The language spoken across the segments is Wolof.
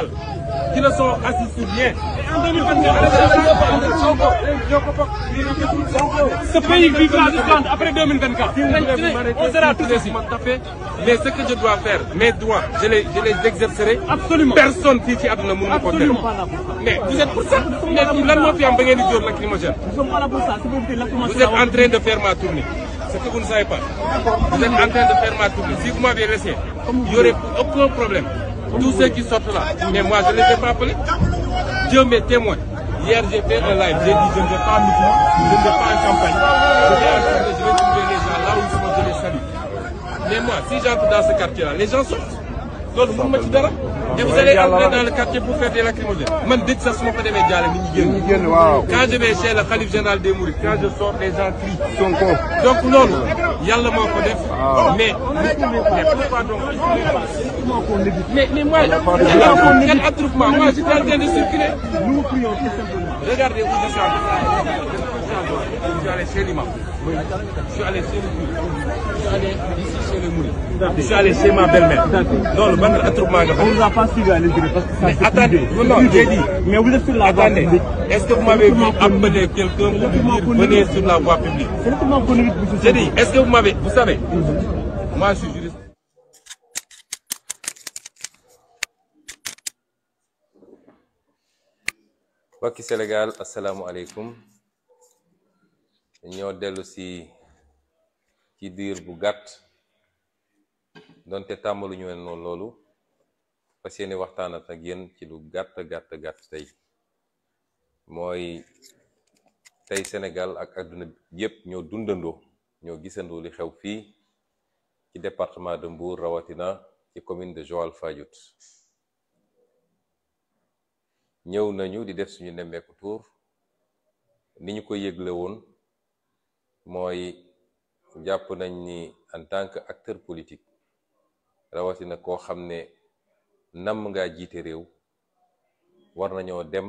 Sénégal qui ne sont assis sur rien. en 2024 ce pays vivra jusqu'à après 2024. on sera tous ici. mais ce que je dois faire mes droits je les je les exercerai. personne fii ci àdduna mënu ko def. mais vous êtes pour ça. mais lan moo fi am ba ngeen di jóor lacrymogène. vous êtes de faire ma tournée. ce que vous ne savez de faire ma tournée si vous m'avez laissé. il n'y aurait aucun problème. tous ceux qui sortent là. Mais moi, je ne les ai pas appelés. Dieu m'est témoin. Hier, j'ai fait un live. J'ai dit, je ne vais je ne vais pas campagne. Je vais campagne, je vais trouver les gens salue. Mais moi, si j'entre dans ce quartier-là, les gens loolu mën ma ci dara. et vous allez entrer dans le quartier pour faire des lacrymogènes. man dëj sax su ma ko demee jaale nit ñi génn. nit ñi génn waaw. quand je vais chez le khalife général des Mourides quand je sors les gens crient. Sonko donc loolu. yàlla moo ko def. mais mais pourquoi donc. mais mais moi. quel attroupement moi je suis en train de circuler. nous prions tout simplement. regardez où je suis en train de. vous allez chez l'imam. Oui. Je suis allé chez le Je suis allé ici chez le Mouride. Je suis allé chez ma belle-mère. Non, le ban attroupement. On ne va pas suivre à l'intérieur parce que ça Mais attendez, non, j'ai dit. Mais vous êtes sur la voie publique. Est-ce que vous m'avez vu appeler quelqu'un ou dire venez sur la voie publique C'est le connu. J'ai dit, est-ce que vous m'avez. Vous savez, mhm. moi je suis juriste. mbokki Sénégal asalaamaaleykum ñoo dellu si ci diir bu gàtt donte tàmbaluñu ñu leen noonu loolu fas yéene waxtaan ak yéen ci lu gàtt gàtt gàtt tey mooy tey Sénégal ak àdduna yépp ñoo dundandoo ñoo gisandoo li xew fii ci département de mbuur rawatina ci commune de Joal Fadiouth ñëw nañu di def suñu nemmeeku tour ni ñu ko yëgle woon mooy jàpp nañ ni en tant que acteur politique rawatina koo xam ne namm ngaa jiite réew war nañoo dem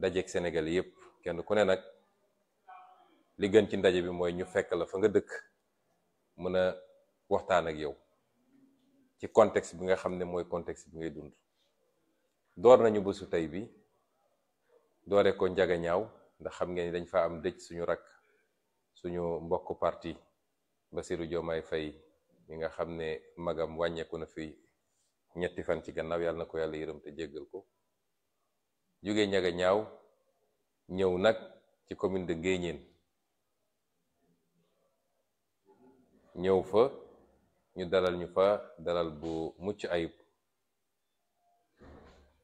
dajeek Sénégal yépp kenn ku ne nag li gën ci ndaje bi mooy ñu fekk la fa nga dëkk mën a waxtaan ak yow ci contexte bi nga xam ne mooy contexte bi ngay dund door nañu bésu tey bi doore ko njaga ñaaw ndax xam ngeen ni dañ fa am dëj suñu rakk suñu mbokk parti Bassirou Diomaye fay mi nga xam ne magam wàññeeku na fi ñetti fan ci gannaaw yàlla na ko yàlla yërëm te jéggal ko jóge ñaga ñaaw ñëw nag ci commune de Nguéniène ñëw fa ñu dalal ñu fa dalal bu mucc ayib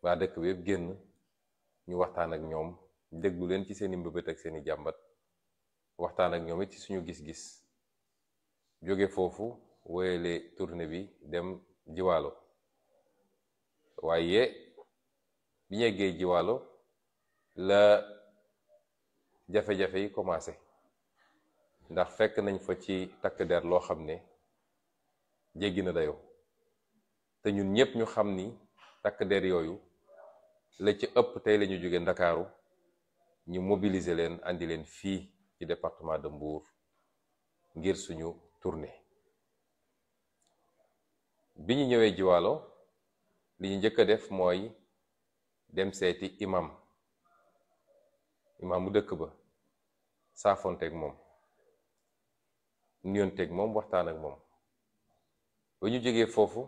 waa dëkk bi yëpp génn ñu waxtaan ak ñoom déglu leen ci seeni mbëbët ak seeni jàmbat waxtaan ak ñoom it ci suñu gis-gis jóge foofu wéyale tournée bi dem jiwaalo waaye bi ñu eggee jiwaalo la jafe-jafe yi commencé ndax fekk nañ fa ci takk der loo xam ne jéggi na dayoo te ñun ñëpp ñu xam ni takk der yooyu la ci ëpp tey la jóge ndakaaru ñu mobiliser leen andi leen fii ci département de Mbour ngir suñu tournée bi ñu ñëwee Jiwaalo li ñu njëkk a def mooy dem seeti imam mu dëkk ba saafonteeg moom nuyonteeg moom waxtaan moom ba ñu jógee foofu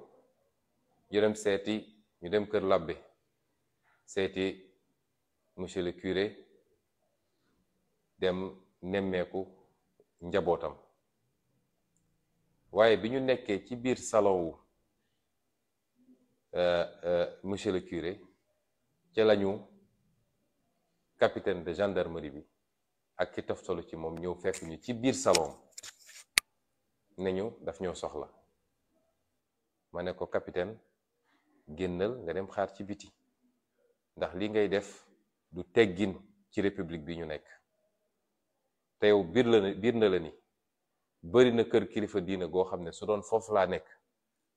ñu dem seeti ñu dem kër labbe seeti monsieur le curé dem nemmeeku njabootam waaye bi ñu nekkee ci biir salon wu euh, euh, monsieur le curé ci lañu capitaine de gendarmerie bi ak ki toftalu ci moom ñëw fekk ci biir salon ne ñu daf ñoo soxla ma ne ko capitaine génnal nga dem xaar ci biti ndax li ngay def du teggin ci république bi ñu nekk te yow biir la biir na la ni bari na kër kilifa diina goo xam ne su doon foofu laa nekk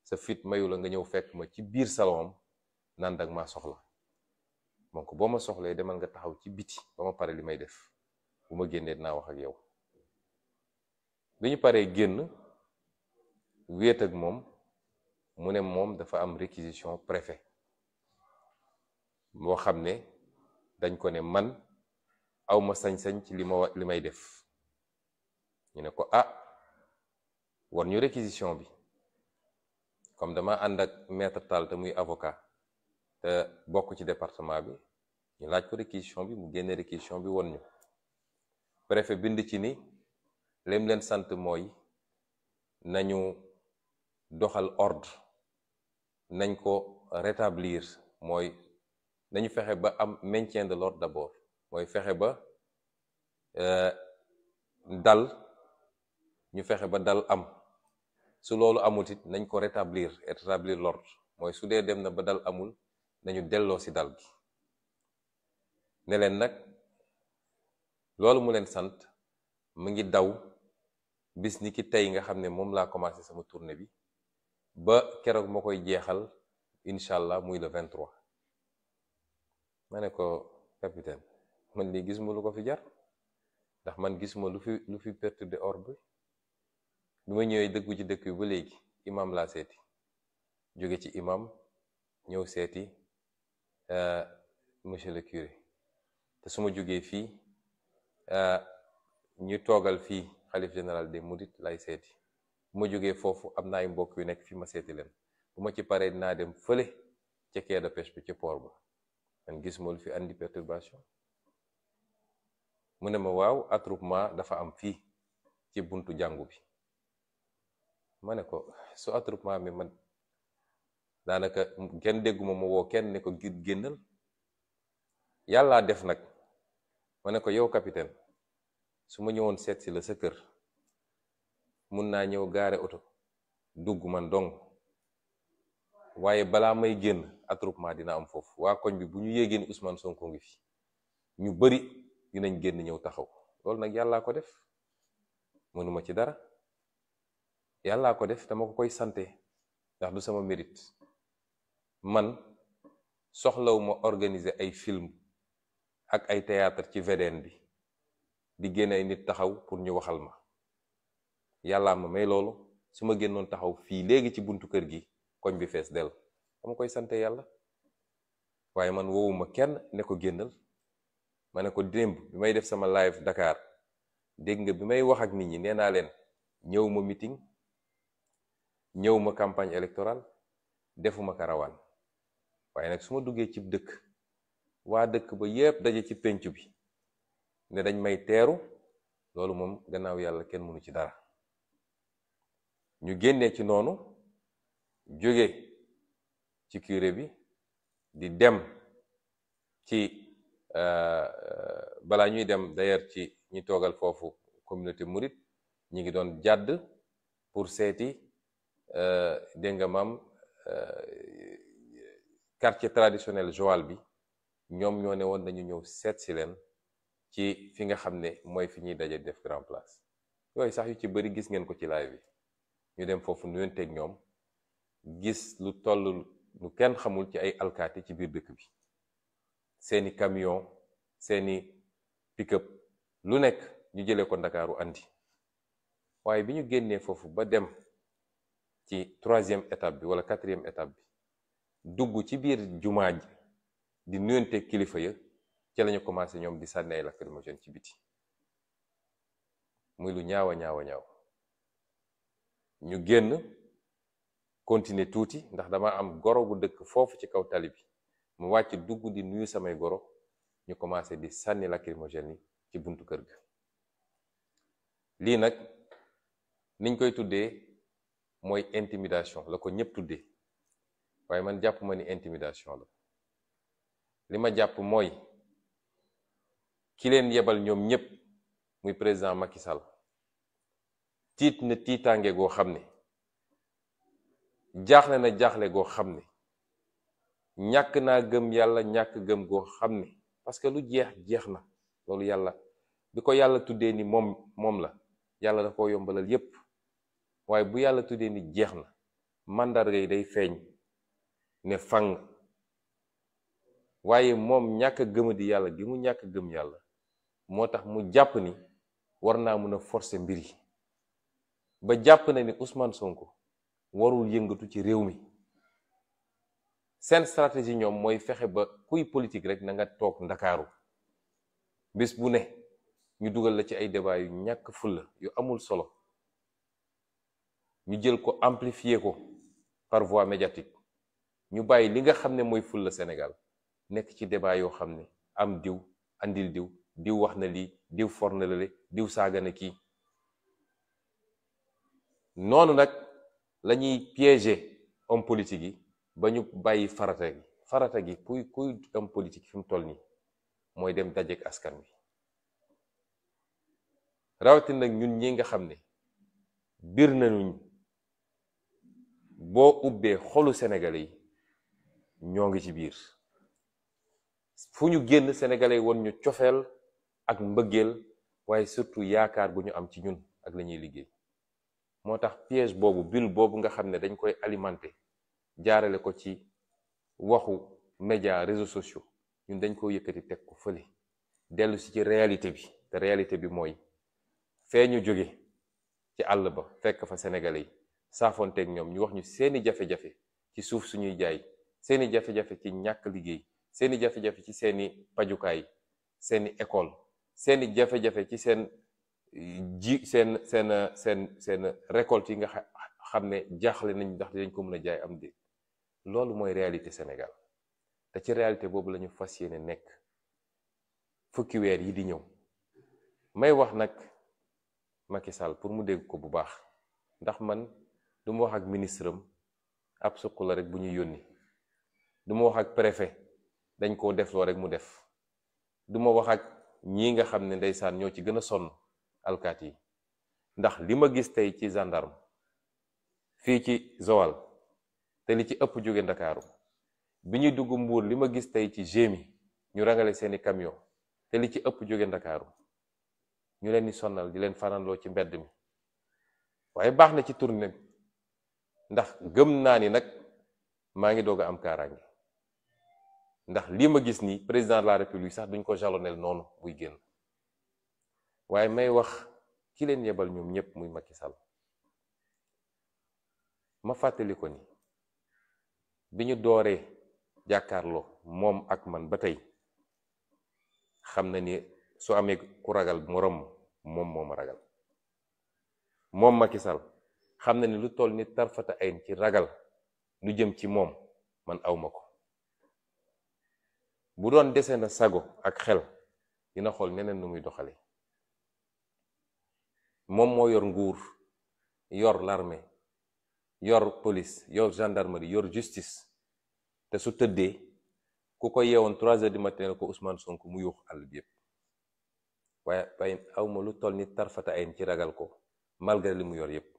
sa fit mayu la nga ñëw fekk ma ci biir salon am maa soxla donc boo ma soxlee demal nga taxaw ci biti ba ma pare li may def bu ma génnee dinaa wax ak yow bi ñu paree génn wéet ak moom mu ne moom dafa am réquisition préfet boo xam ne dañ ko ne man aw ma sañ-sañ ci li ma li may def ñu ne ko ah war ñu réquisition bi comme dama ànd ak maître Tall te muy avocat te bokk ci département bi ñu laaj ko réquisition bi mu génne réquisition bi won ñu préfet bind ci ni lim leen sant mooy nañu doxal ordre nañ ko rétablir mooy nañu fexe ba am maintien de l'ordre d'abord mooy fexe ba euh, dal ñu fexe ba dal am su loolu amut it nañ ko rétablir rétablir l'ordre mooy su dee dem na ba dal amul nañu delloo ci dal gi ne leen nag loolu mu leen sant mu ngi daw bis ni ki tey nga xam ne moom laa commencé sama tournée bi ba keroog ma koy jeexal incha allah muy le 23 ma ne ko capitaine man lii gis ma lu ko fi jar ndax man gis ma lu fi lu fi perturbé ordre bi ma ñëwee dëggu ci dëkk bi ba léegi imam laa seeti jóge ci imam ñëw seeti euh, monsieur le curé te su ma jógee fii euh, ñu toogal fii xalif général de mourides laay seeti bu ma jógee foofu am naa ay mbokk yu nekk fi ma seeti leen bu ma ci pare dinaa dem fële ca quai de pêche bi ci port bu man gis ma lu fi andi perturbation mu ne ma waaw attroupement dafa am fii ci buntu jàngu bi ma ne ko su attroupement mi man daanaka kenn dégguma ma woo kenn ne ko génnal yàllaa def nag ma ne ko yow capitaine su ma ñëwoon seetsi la sa kër mun naa ñëw gaare oto dugg man dong waaye balaa may génn attroupement dina am foofu waa koñ bi bu ñu yéegee ni Ousmane Sonko ngi fi ñu bari dinañ génn ñëw taxaw loolu nag yàllaa ko def mënuma ci dara yàllaa ko def dama ko koy sante ndax du sama mérite man soxlawuma organiser ay film ak ay théâtre ci VDN bi di génne ay nit taxaw pour ñu waxal ma yàllaa ma may loolu su ma génnoon taxaw fii léegi ci buntu kër gi koñ bi fees del dama koy sante yàlla waaye man wowuma kenn ne ko génnal mane ko démb bi may def sama live ndakaar dégg nga bi may wax ak nit ñi nee naa leen ñëw ma meeting ñëw ma campagne électorale defuma karawaan waaye nag su ma duggee cib dëkk waa dëkk ba yépp daje ci pénc bi ne dañ may teeru loolu moom gannaaw yàlla kenn mënu ci dara ñu génnee ci noonu jóge ci curé bi di dem ci Euh, euh, balaa ñuy dem d'ailleurs ci ñi toogal foofu communauté murit ñi ngi doon jàdd pour seeti euh, dégg nga maam quartier traditionnel Joal bi ñoom ñoo ne woon dañu ñëw seet si leen ci fi nga xam ne mooy fi ñuy daje def grand place yooyu sax yu ci bëri gis ngeen ko ci live bi ñu dem foofu nuyoon teeg ñoom gis lu toll lu kenn xamul ci ay alkaati ci biir dëkk bi seeni camion seeni pick-up lu nekk ñu jëlee ko ndakaaru andi waaye bi ñu génnee foofu ba dem ci troisième étape bi wala quatrième étape bi dugg ci biir jumaa ji di nuyonte kilifa ya ca lañu commencé ñoom di sànni ay lacrymogène ci biti muy lu ñaawa ñaawa ñaaw ñu génn continuer tuuti ndax dama am goro gu dëkk foofu ci kaw tali bi mu wàcc dugg di nuyu samay goro ñu commencé di sànni lacrymogène ni ci buntu kër ga lii nag niñ koy tuddee mooy intimidation la ko ñëpp tuddee waaye man jàpp ma ni intimidation la li ma jàpp mooy ki leen yebal ñoom ñëpp muy président Macky Sall tiit na tiitaange goo xam ne jaaxle na jaaxle goo xam ne ñàkk naa gëm yàlla ñàkk gëm goo xam ne parce que lu jeex jeex na loolu yàlla bi ko yàlla tuddee ni moom moom la yàlla da ko yombalal yépp waaye bu yàlla tuddee ni jeex na màndarga yi day feeñ ne fang waaye moom ñàkk gëma di yàlla gi mu ñàkk gëm yàlla moo tax mu jàpp ni war naa mën a forcer mbir yi ba jàpp na ni Ousmane Sonko warul yëngatu ci réew mi seen stratégie ñoom mooy fexe ba kuy politique rek na nga toog ndakaaru bés bu ne ñu dugal la ci ay débat yu ñàkk fulla yu amul solo ñu jël ko amplifier ko par voie médiatique ñu bàyyi li nga xam ne mooy fulla Sénégal nekk ci débat yoo xam ne am diw andil diw diw wax na lii diw for na lale diw saaga kii noonu nag la ñuy piéger homme yi ba ñu bàyyi farata gi farata gi kuy kuy am politique fi toll nii mooy dem dajeek askan wi rawatina nag ñun ñi nga xam ne biir nañu boo ubbee xolu sénégalais yi ñoo ngi ci biir fu ñu génn yi woon ñu cofeel ak mbëggeel waaye surtout yaakaar bu ñu am ci ñun ak lañuy liggéey moo tax piège boobu bulle boobu nga xam ne dañ koy alimenter jaarale ko ci waxu média réseaux sociaux ñun dañ ko yëkkati teg ko fële dellu si ci réalité bi te réalité bi mooy feeñu jóge ci àll ba fekk fa sénégalais yi saafonteeg ñoom ñu wax ñu seeni jafe-jafe ci suuf suñuy jaay seeni jafe-jafe ci ñàkk liggéey seeni jafe-jafe ci seeni pajukaay seeni école seeni jafe-jafe ci seen eh, ji seen seen seen seen récolte yi nga xam ne jaaxle nañ ndax dañ ko mën a jaay am déet loolu mooy réalité Sénégal te ci réalité boobu lañu fas yéene nekk fukki weer yi di ñëw may wax nag Macky Sall pour mu dégg ko bu baax ndax man du ma wax ak ministre am ab suq la rek bu ñu yónni du ma wax ak préfet dañ koo def loo rek mu def du ma wax ak ñii nga xam ne ndeysaan ñoo ci gën a sonn alkaat yi ndax li ma gis tey ci gendarme fii ci Joal te li ci ëpp jóge ndakaaru bi ñuy dugg mbuur li ma gis tey ci gémi ñu rangale seeni camion te li ci ëpp jóge ndakaaru ñu leen di sonnal di leen fanaanloo ci mbedd mi waaye baax na ci tournée ndax gëm naa ni nag maa ngi doog a am kaaraange ndax lii ma gis nii président la république sax duñ ko jalonel noonu buy génn waaye may wax ki leen yebal ñoom ñëpp muy Macky Sall ma fàttali ko ni bi ñu dooree jàkkaarloo moom ak man ba tey xam na ni su amee ku ragal moroom moom moo ma ragal moom Macky Sall xam na ni lu toll ni tarfata ayn ci ragal lu jëm ci moom man awma ko bu doon dese na sago ak xel dina xool neneen lu muy doxale moom moo yor nguur yor l'armée yor police yor gendarmerie yor justice te su tëddee ku ko yewoon trois heures du matin ko Ousmane sonk mu yuux àll bi yëpp waaye waaye awma lu toll ni tarfata ayam ci ragal ko malgré li mu yor yëpp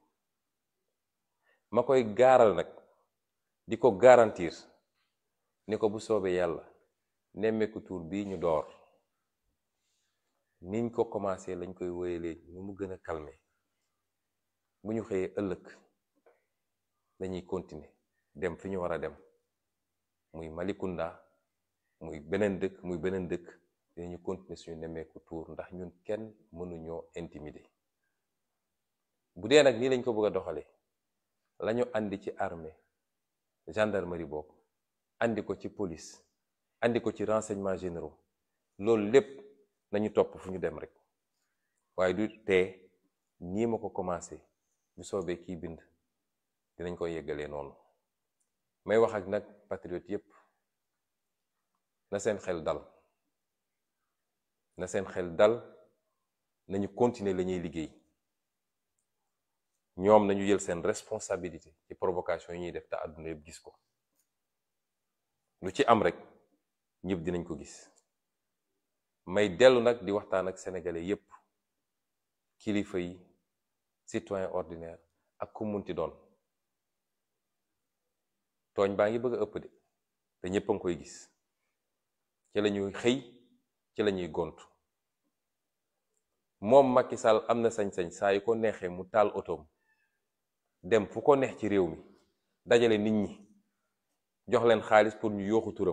ma koy gaaral nag di ko garantir ni ko bu soobee yàlla nemmeeku tuur bii ñu door niñ ko commencé lañ koy wéyalee ñu mu gën a calmer bu ñu xëyee ëllëg dañuy continuer dem fi ñu war a dem muy Malikunda muy beneen dëkk muy beneen dëkk dinañu continuer suñu nemmeeku tour ndax ñun kenn mënuñoo intimider bu dee nag nii lañ ko bëgg a doxalee lañu andi ci armée gendarmerie boobu andi ko ci police andi ko ci renseignement généraux loolu lépp nañu topp fu ñu dem rek waaye du tee nii ma ko commencé bu soobee kiy bind dinañ ko yeggalee noonu may wax ak nag patriote yépp na seen xel dal na seen xel dal nañu continuer la ñuy liggéey ñoom nañu jël seen responsabilité ci provocation yi ñuy def te àdduna yëpp gis ko lu ci am rek ñëpp dinañ ko gis may dellu nag di waxtaan ak sénégalais yépp kilifa yi citoyen ordinaire ak ku mun munti doon tooñ baa ngi bëgg a ëpp de te ñëpp koy gis ci la ñuy xëy ci la ñuy gont moom Macky Sall am na sañ-sañ saa yu ko neexee mu taal otoom dem fu ko neex ci réew mi dajale nit ñi jox leen xaalis pour ñu yooxu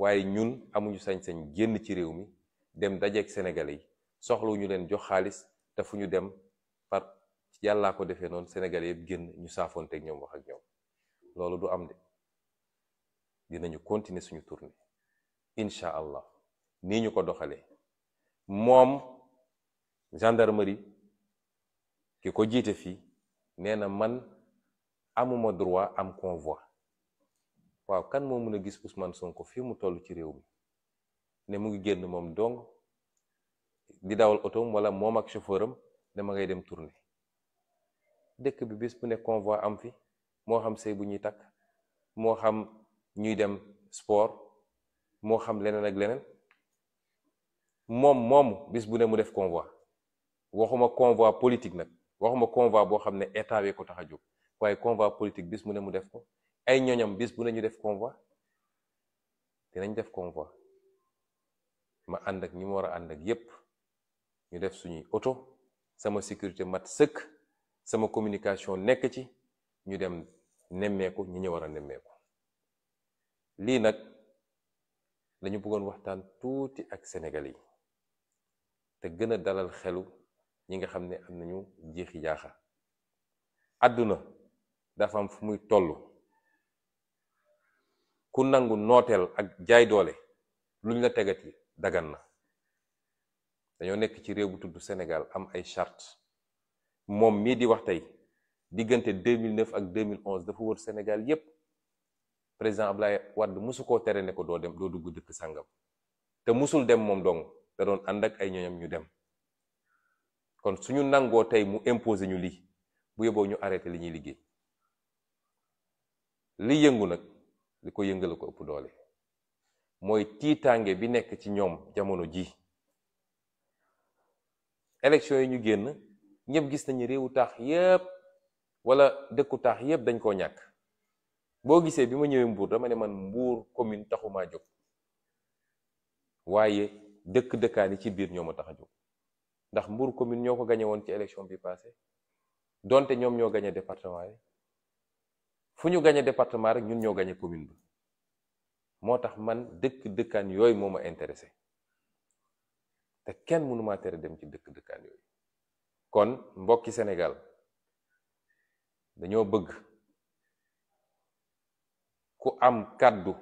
waaye ñun amuñu sañ-sañ génn ci réew mi dem dajeeg Sénégalais yi ñu leen jox xaalis te fu ñu dem par yàllaa ko defee noonu Sénégalais yëpp génn ñu saafoonteeg ñoom wax ak ñoom. loolu du am de dinañu continuer suñu tournée incha allah nii ñu ko doxalee moom gendarmerie ki ko jiite fii nee na man amuma droit am convoi waaw kan moom mun a gis Ousmane Sonko fii mu toll ci réew mi ne mu ngi génn moom donc di dawal otoom wala moom ak chauffeur dama ngay dem tournée dëkk bi bis bu ne convoi am fii moo xam sëy bu ñuy takk moo xam ñuy dem sport moo xam leneen ak leneen moom moom bis bu ne mu def convoi waxuma convoi politique nag waxuma convoi boo xam ne état wee ko tax a jóg waaye convoi politique bis mu ne mu def ko ay ñoñam bis bu ne ñu def convoi dinañ def convoi ma ànd ak ñi mu war a ànd ak yépp ñu def suñuy oto sama sécurité mat sëkk sama communication nekk ci ñu dem nemmeeku ñi ñu war a nemmeeku lii nag dañu bëggoon waxtaan tuuti ak Sénégal yi te gën a dalal xelu ñi nga xam ne am nañu jiixi jaaxa àdduna dafa am fu muy tollu ku nangu nooteel ak jaay doole luñ la tegati dagan na dañoo nekk ci réew bu tudd Sénégal am ay chart moom mii di wax tey diggante 2009 ak 2011 dafa wër Sénégal yépp président Ablaye Wade mosu koo tere ne ko doo dem doo dugg dëkk sàngam te musul dem moom dong da doon ànd ak ay ñoñam ñu dem kon suñu nangoo tey mu imposer ñu lii bu yóbboo ñu arrêté li ñuy liggéey li yëngu nag li ko yëngale ko ëpp doole mooy tiitaange bi nekk ci ñoom jamono ji élection yi ñu génn ñëpp gis nañu réewu taax yépp wala dëkku taax yépp dañ koo ñàkk boo gisee bi ma ñëwee mbuur dama ne man mbuur commune taxumaa jóg waaye dëkk dëkkaan yi ci biir ñoo ma tax a jóg ndax mbuur commune ñoo ko gañe woon ci élection bi passé donte ñoom ñoo gañe département yi fu ñu gañe département rek ñun ñoo gañe commune bi moo tax man dëkk dëkkaan yooyu moom ma intéressé te kenn mënumaa tere dem ci dëkk dëkkaan yooyu kon mbokki Sénégal dañoo bëgg ku am kàddu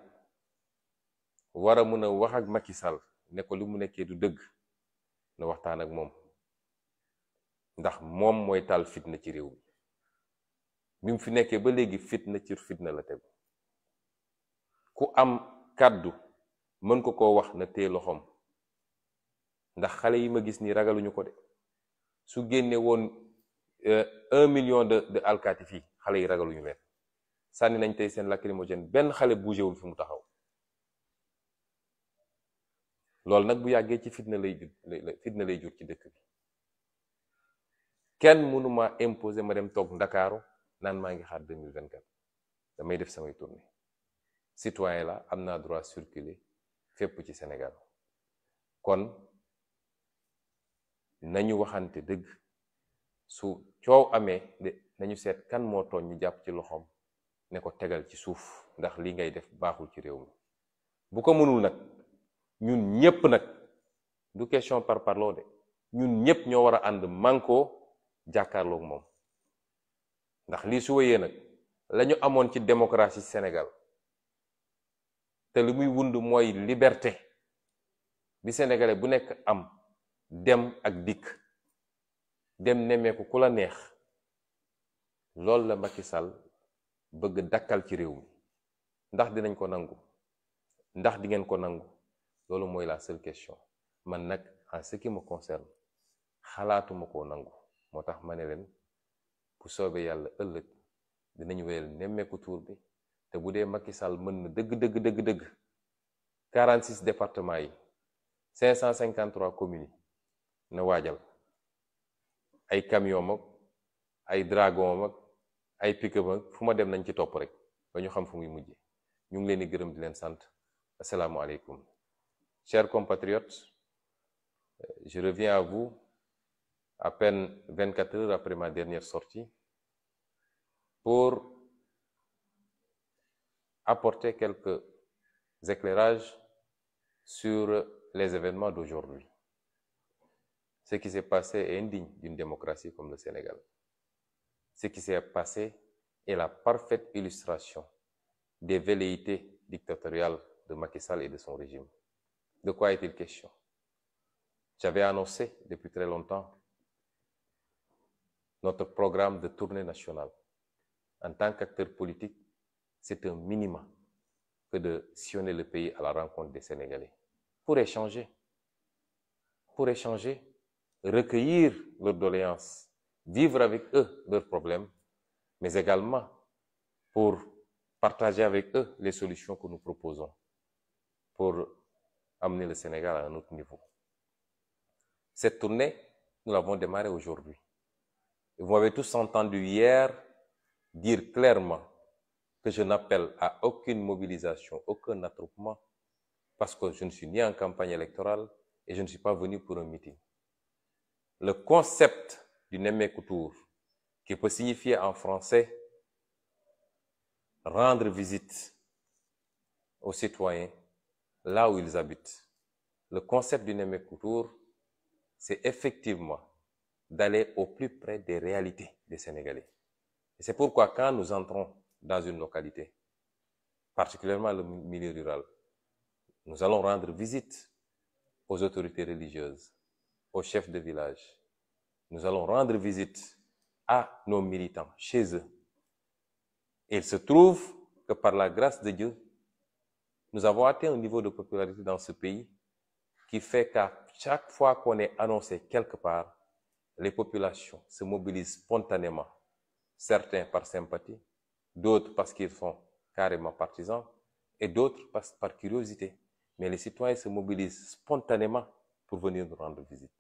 war a mën a wax ak Macky Sall ne ko li mu nekkee du dëgg na waxtaan ak moom ndax moom mooy taal fitna ci réew mi bi mu fi nekkee ba léegi fitna ci fitna la tegu ku am kàddu mën ko koo wax na téye loxoom ndax xale yi ma gis nii ragaluñu ko de su génne Euh, un million de de alkaati fii xale yi ragaluñu leen sànni nañ tey seen lacrymogène benn xale bougéwul fi mu taxaw loolu nag bu yàggee ci fitna lay jur fitna lay jur ci dëkk bi kenn mënuma imposer ma dem toog ndakaaru naan maa ngi xaar 2024 damay def samay tournée citoyen la am naa droit circuler fépp ci Sénégal kon nañu waxante dëgg su coow amee de nañu seet kan moo tooñ ñu jàpp ci loxoom ne ko tegal ci suuf ndax li ngay def baaxul ci réew mi bu ko mënul nag ñun ñépp nag du question par parloo de ñun ñépp ñoo war a ànd mànkoo jàkkaarloog moom ndax lii su wéyee nag lañu amoon ci démocratie Sénégal te li muy wund mooy liberté bi sénégalais bu nekk am dem ak dikk dem nemmeeku ku la neex loolu la Macky Sall bëgg dakkal ci réew mi ndax dinañ ko nangu ndax di ngeen ko nangu loolu mooy la seule question man nag en ce qui me xalaatuma ko nangu moo tax ma ne leen bu soobee yàlla ëllëg dinañ wéyal nemmeeku tuur bi te bu dee makki Sall mën na dëgg dëgg dëgg dëgg 46 départements yi 553 communes na waajal ay camion mag ay dragon mag ay pick-up mag fu ma dem nañ ci topp rek ba ñu xam fu muy mujj ñu ngi leen di gërëm di leen sant asalaamualeykum chers compatriotes euh, je reviens à vous à peine 24 heures après ma dernière sortie pour apporter quelque éclairages sur les événements d'aujourd'hui. Ce qui s'est passé est indigne d'une démocratie comme le Sénégal. Ce qui s'est passé est la parfaite illustration des velléités dictatoriales de Macky Sall et de son régime. De quoi est-il question J'avais annoncé depuis très longtemps notre programme de tournée nationale. En tant qu'acteur politique, c'est un minimum que de sillonner le pays à la rencontre des Sénégalais pour échanger recueillir leurs doléances, vivre avec eux leurs problèmes, mais également pour partager avec eux les solutions que nous proposons pour amener le Sénégal à un autre niveau. Cette tournée, nous l'avons démarrée aujourd'hui. Vous m'avez tous entendu hier dire clairement que je n'appelle à aucune mobilisation, aucun attroupement, parce que je ne suis ni en campagne électorale et je ne suis pas venu pour un meeting. le concept du Nemmeeku Tour, qui peut signifier en français rendre visite aux citoyens là où ils habitent. Le concept du Nemmeeku Tour, c'est effectivement d'aller au plus près des réalités des Sénégalais. Et c'est pourquoi quand nous entrons dans une localité, particulièrement le milieu rural, nous allons rendre visite aux autorités religieuses, au chef de village. Nous allons rendre visite à nos militants chez eux. Et il se trouve que par la grâce de Dieu, nous avons atteint un niveau de popularité dans ce pays qui fait qu'à chaque fois qu'on est annoncé quelque part, les populations se mobilisent spontanément, certains par sympathie, d'autres parce qu'ils sont carrément partisans et d'autres par, par curiosité. Mais les citoyens se mobilisent spontanément pour venir nous rendre visite.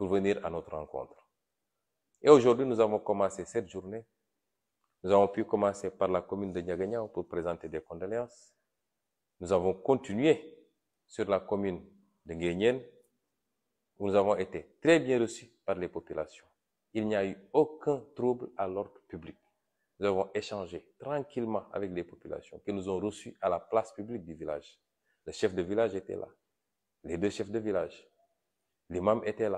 pour venir à notre rencontre. Et aujourd'hui, nous avons commencé cette journée. Nous avons pu commencer par la commune de Niagagnan pour présenter des condoléances. Nous avons continué sur la commune de Guénienne, où nous avons été très bien reçus par les populations. Il n'y a eu aucun trouble à l'ordre public. Nous avons échangé tranquillement avec les populations qui nous ont reçus à la place publique du village. Le chef de village était là. Les deux de village. L'imam était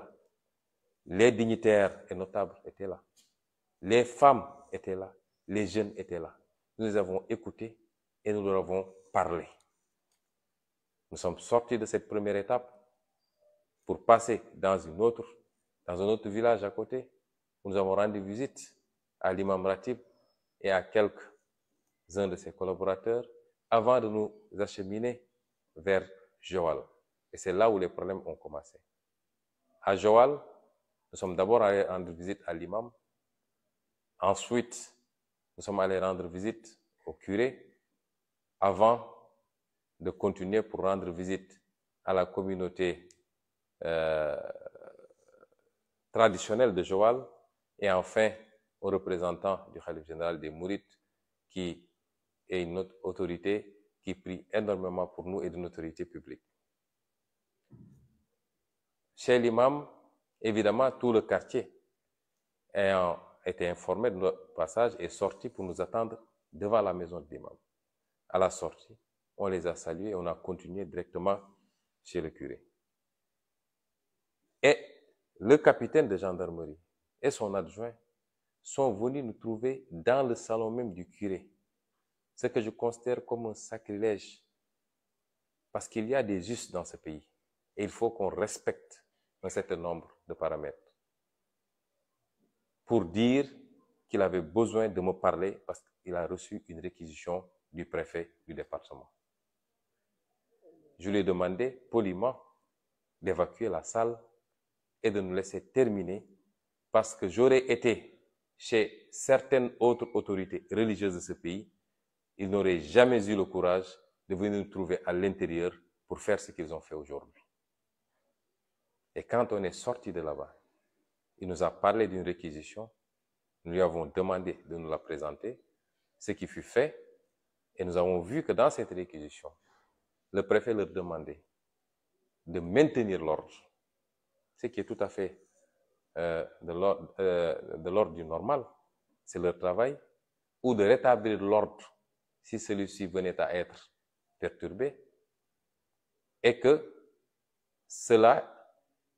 Les dignitaires et notables étaient là. Les femmes étaient là. Les jeunes étaient là. Nous les avons écoutés et nous leur avons parlé. Nous sommes sortis de cette première étape pour passer dans dans un autre village à côté, où nous avons rendu visite à l'imam Ratib et à quelques-uns de ses collaborateurs avant de nous acheminer vers Joal. Et c'est là où les problèmes ont commencé. À Joal, Nous sommes d'abord allés rendre visite à l'imam. Ensuite, nous sommes allés rendre visite au curé avant de continuer pour rendre visite à la communauté euh, traditionnelle de Joal et enfin aux représentants du Khalif général des Mourites qui est une autre autorité qui prie énormément pour nous et d'une autorité publique. Évidemment, tout le quartier ayant été informé de notre passage est sorti pour nous attendre devant la maison de l'imam. À la sortie, on les a salués et on a continué directement chez le curé. Et le capitaine de gendarmerie et son adjoint sont venus nous trouver dans le salon même du curé, ce que je considère comme un sacrilège, parce qu'il y a des justes dans ce pays, et il faut qu'on respecte un certain nombre de paramètres pour dire qu'il avait besoin de me parler parce qu'il a reçu une réquisition du préfet du département. Je lui ai demandé poliment d'évacuer la salle et de nous laisser terminer parce que j'aurais été chez certaines autres autorités religieuses de ce pays, ils n'auraient jamais eu le courage de venir nous trouver à l'intérieur pour faire ce qu'ils ont fait aujourd'hui. Et quand on est sorti de là-bas, il nous a parlé d'une réquisition. Nous lui avons demandé de nous la présenter, ce qui fut fait. Et nous avons vu que dans cette réquisition, le préfet leur demandait de maintenir l'ordre, ce qui est tout à fait euh, de euh, l'ordre euh, du normal. C'est leur travail. Ou de rétablir l'ordre si celui-ci venait à être perturbé. Et que cela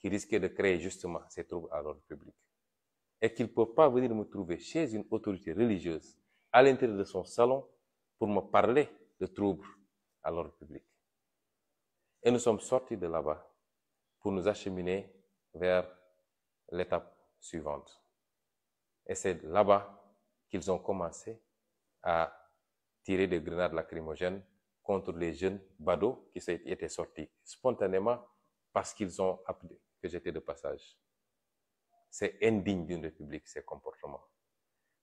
qui risquaient de créer justement ces troubles à l'ordre public. Et qu'ils ne peuvent pas venir me trouver chez une autorité religieuse, à l'intérieur de son salon, pour me parler de troubles à l'ordre public. Et nous sommes sortis de là-bas pour nous acheminer vers l'étape suivante. Et c'est là-bas qu'ils ont commencé à tirer des grenades lacrymogènes contre les jeunes badauds qui étaient sortis spontanément parce qu'ils ont appelé, que j'étais de passage. C'est indigne d'une république, ces comportements.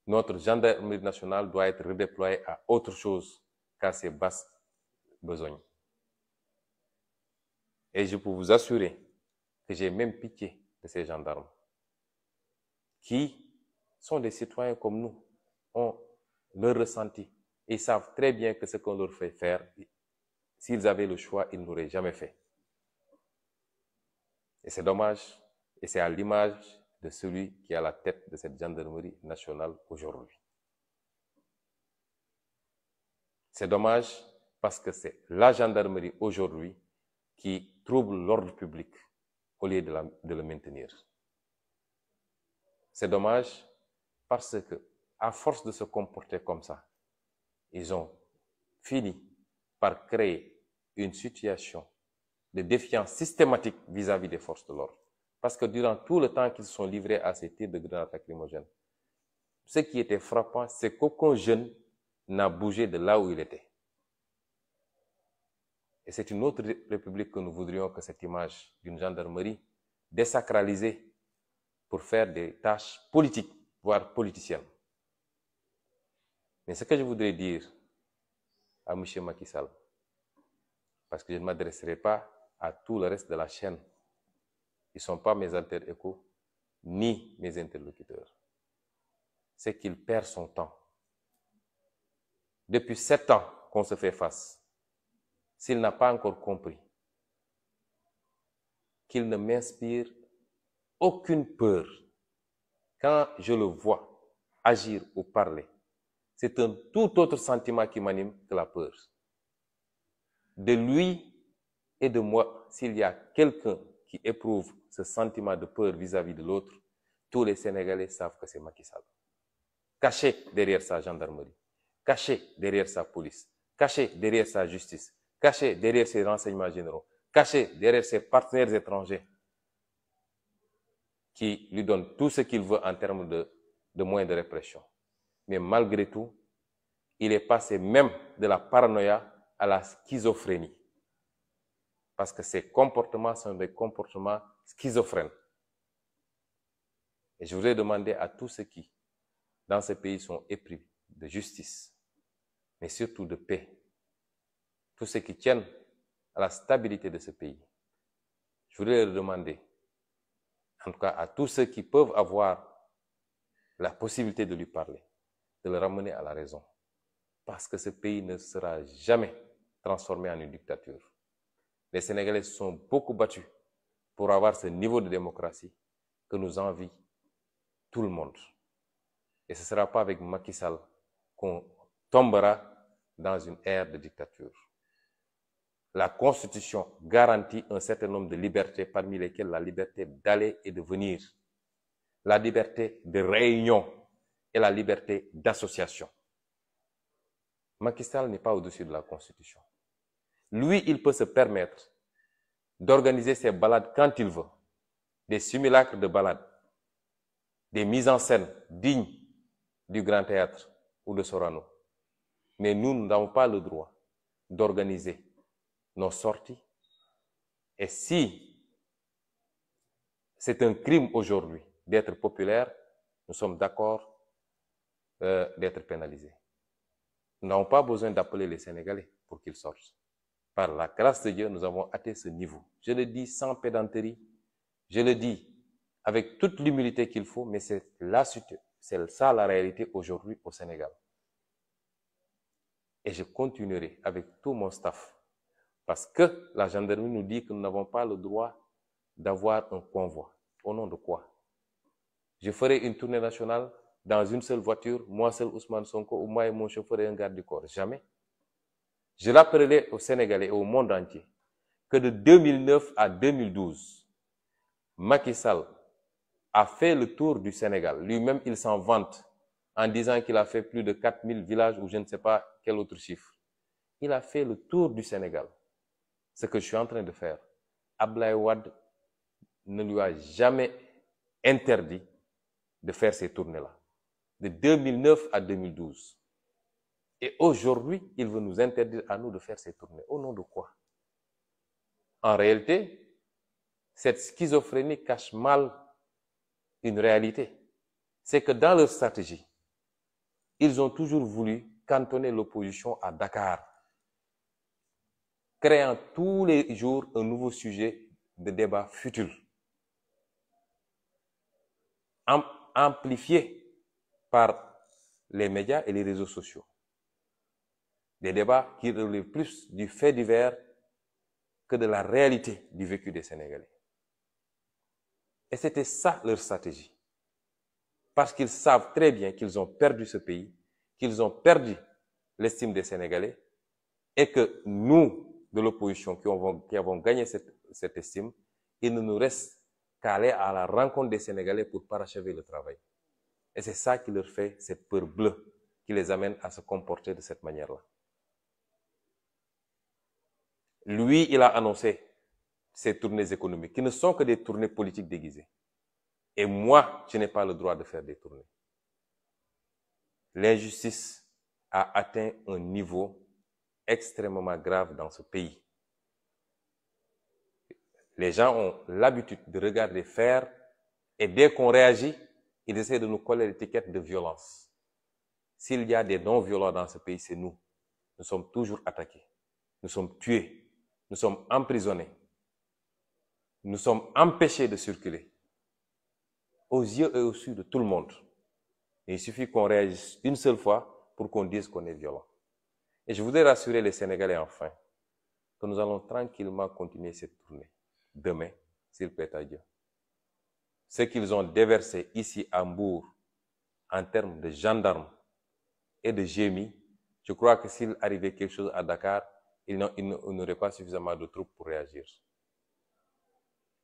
Notre gendarmerie nationale doit être redéployée à autre chose qu'à ces basses besognes. Et je peux vous assurer que j'ai même pitié de ces gendarmes qui sont des citoyens comme nous, ont leur ressenti. Ils savent très bien que ce qu'on leur fait faire, s'ils avaient le choix, ils n'auraient jamais fait. Et c'est dommage, et c'est à l'image de celui qui est la tête de cette gendarmerie nationale aujourd'hui. C'est dommage parce que c'est la gendarmerie aujourd'hui qui trouble l'ordre public au lieu de, la, de le maintenir. C'est dommage parce que, à force de se comporter comme ça, ils ont fini par créer une situation des défiance systématique vis-à-vis des forces de l'ordre. Parce que durant tout le temps qu'ils sont livrés à ces tirs de grenades lacrymogènes, ce qui était frappant, c'est qu'aucun jeune n'a bougé de là où il était. Et c'est une autre république que nous voudrions que cette image d'une gendarmerie désacralisée pour faire des tâches politiques, voire politiciennes. Mais ce que je voudrais dire à M. Macky parce que je ne m'adresserai pas à tout le reste de la chaîne. Ils ne sont pas mes alter-échos ni mes interlocuteurs. C'est qu'il perd son temps. Depuis sept ans qu'on se fait face, s'il n'a pas encore compris qu'il ne m'inspire aucune peur, quand je le vois agir ou parler, c'est un tout autre sentiment qui m'anime que la peur. De lui et de moi, s'il y a quelqu'un qui éprouve ce sentiment de peur vis-à-vis de l'autre, tous les Sénégalais savent que c'est Macky Sall. Caché derrière sa gendarmerie, caché derrière sa police, caché derrière sa justice, caché derrière ses renseignements généraux, caché derrière ses partenaires étrangers qui lui donnent tout ce qu'il veut en termes de, de moyens de répression. Mais malgré tout, il est passé même de la paranoïa à la schizophrénie. parce que ces comportements sont des comportements schizophrènes. Et je voudrais demander à tous ceux qui, dans ce pays, sont épris de justice, mais surtout de paix, tous ceux qui tiennent à la stabilité de ce pays, je voudrais leur demander, en tout cas à tous ceux qui peuvent avoir la possibilité de lui parler, de le ramener à la raison, parce que ce pays ne sera jamais transformé en une dictature. les Sénégalais se sont beaucoup battus pour avoir ce niveau de démocratie que nous envie tout le monde. Et ce ne sera pas avec Macky qu'on tombera dans une ère de dictature. La Constitution garantit un certain nombre de libertés, parmi lesquelles la liberté d'aller et de venir, la liberté de réunion et la liberté d'association. Macky Sall n'est pas au-dessus de la Constitution. Lui, il peut se permettre d'organiser ses balades quand il veut, des simulacres de balades, des mises en scène dignes du Grand Théâtre ou de Sorano. Mais nous, nous n'avons pas le droit d'organiser nos sorties. Et si c'est un crime aujourd'hui d'être populaire, nous sommes d'accord euh, d'être pénalisés. Nous n'avons pas besoin d'appeler les Sénégalais pour qu'ils sortent. par la grâce de Dieu, nous avons atteint ce niveau. Je le dis sans pédanterie, je le dis avec toute l'humilité qu'il faut, mais c'est la c'est ça la réalité aujourd'hui au Sénégal. Et je continuerai avec tout mon staff, parce que la gendarmerie nous dit que nous n'avons pas le droit d'avoir un convoi. Au nom de quoi Je ferai une tournée nationale dans une seule voiture, moi seul Sonko, ou moi et mon chauffeur un garde du corps. Jamais. Je rappellerai au Sénégalais et au monde entier que de 2009 à 2012, Macky Sall a fait le tour du Sénégal. Lui-même, il s'en vante en disant qu'il a fait plus de 4000 villages ou je ne sais pas quel autre chiffre. Il a fait le tour du Sénégal. Ce que je suis en train de faire. Ablaye Wad ne lui a jamais interdit de faire ces tournées-là. De 2009 à Et aujourd'hui, il veut nous interdire à nous de faire ces tournées. Au nom de quoi En réalité, cette schizophrénie cache mal une réalité. C'est que dans leur stratégie, ils ont toujours voulu cantonner l'opposition à Dakar, créant tous les jours un nouveau sujet de débat futur, amplifié par les médias et les réseaux sociaux. Des débats qui relèvent plus du fait divers que de la réalité du vécu des Sénégalais. Et c'était ça leur stratégie. Parce qu'ils savent très bien qu'ils ont perdu ce pays, qu'ils ont perdu l'estime des Sénégalais et que nous, de l'opposition, qui, qui, avons gagné cette, cette estime, il ne nous reste qu'à aller à la rencontre des Sénégalais pour parachever le travail. Et c'est ça qui leur fait cette peur bleue, qui les amène à se comporter de cette manière-là. Lui, il a annoncé ces tournées économiques qui ne sont que des tournées politiques déguisées. Et moi, je n'ai pas le droit de faire des tournées. L'injustice a atteint un niveau extrêmement grave dans ce pays. Les gens ont l'habitude de regarder faire et dès qu'on réagit, ils essaient de nous coller l'étiquette de violence. S'il y a des non-violents dans ce pays, c'est nous. Nous sommes toujours attaqués. Nous sommes tués. nous sommes emprisonnés, nous sommes empêchés de circuler aux yeux et aux yeux de tout le monde. Et il suffit qu'on réagisse une seule fois pour qu'on dise qu'on est violent. Et je voudrais rassurer les Sénégalais enfin que nous allons tranquillement continuer cette tournée demain, s'il plaît à Dieu. Ce qu'ils ont déversé ici à Hambourg en termes de gendarmes et de gémis, je crois que s'il arrivait quelque chose à Dakar, ils n'auraient pas suffisamment de troupes pour réagir.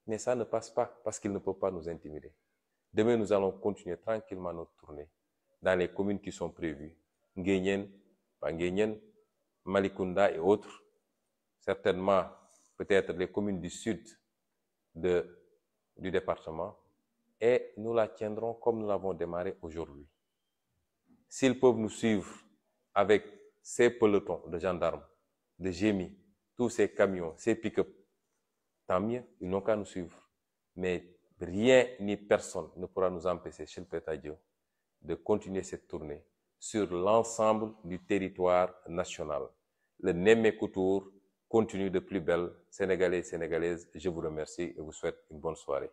Mais ça ne passe pas parce qu'ils ne peuvent pas nous intimider. Demain, nous allons continuer tranquillement notre tournée dans les communes qui sont prévues. Nguyen, Panguyen, Malikunda et autres. Certainement, peut-être les communes du sud de, du département. Et nous la tiendrons comme nous l'avons démarré aujourd'hui. S'ils peuvent nous suivre avec ces pelotons de gendarmes, de génie, tous ces camions, ces pick-up, tant mieux, ils n'ont qu'à nous suivre. Mais rien ni personne ne pourra nous empêcher, chez le Père Dieu, de continuer cette tournée sur l'ensemble du territoire national. Le Némékoutour continue de plus belle. Sénégalais et Sénégalaises, je vous remercie et vous souhaite une bonne soirée.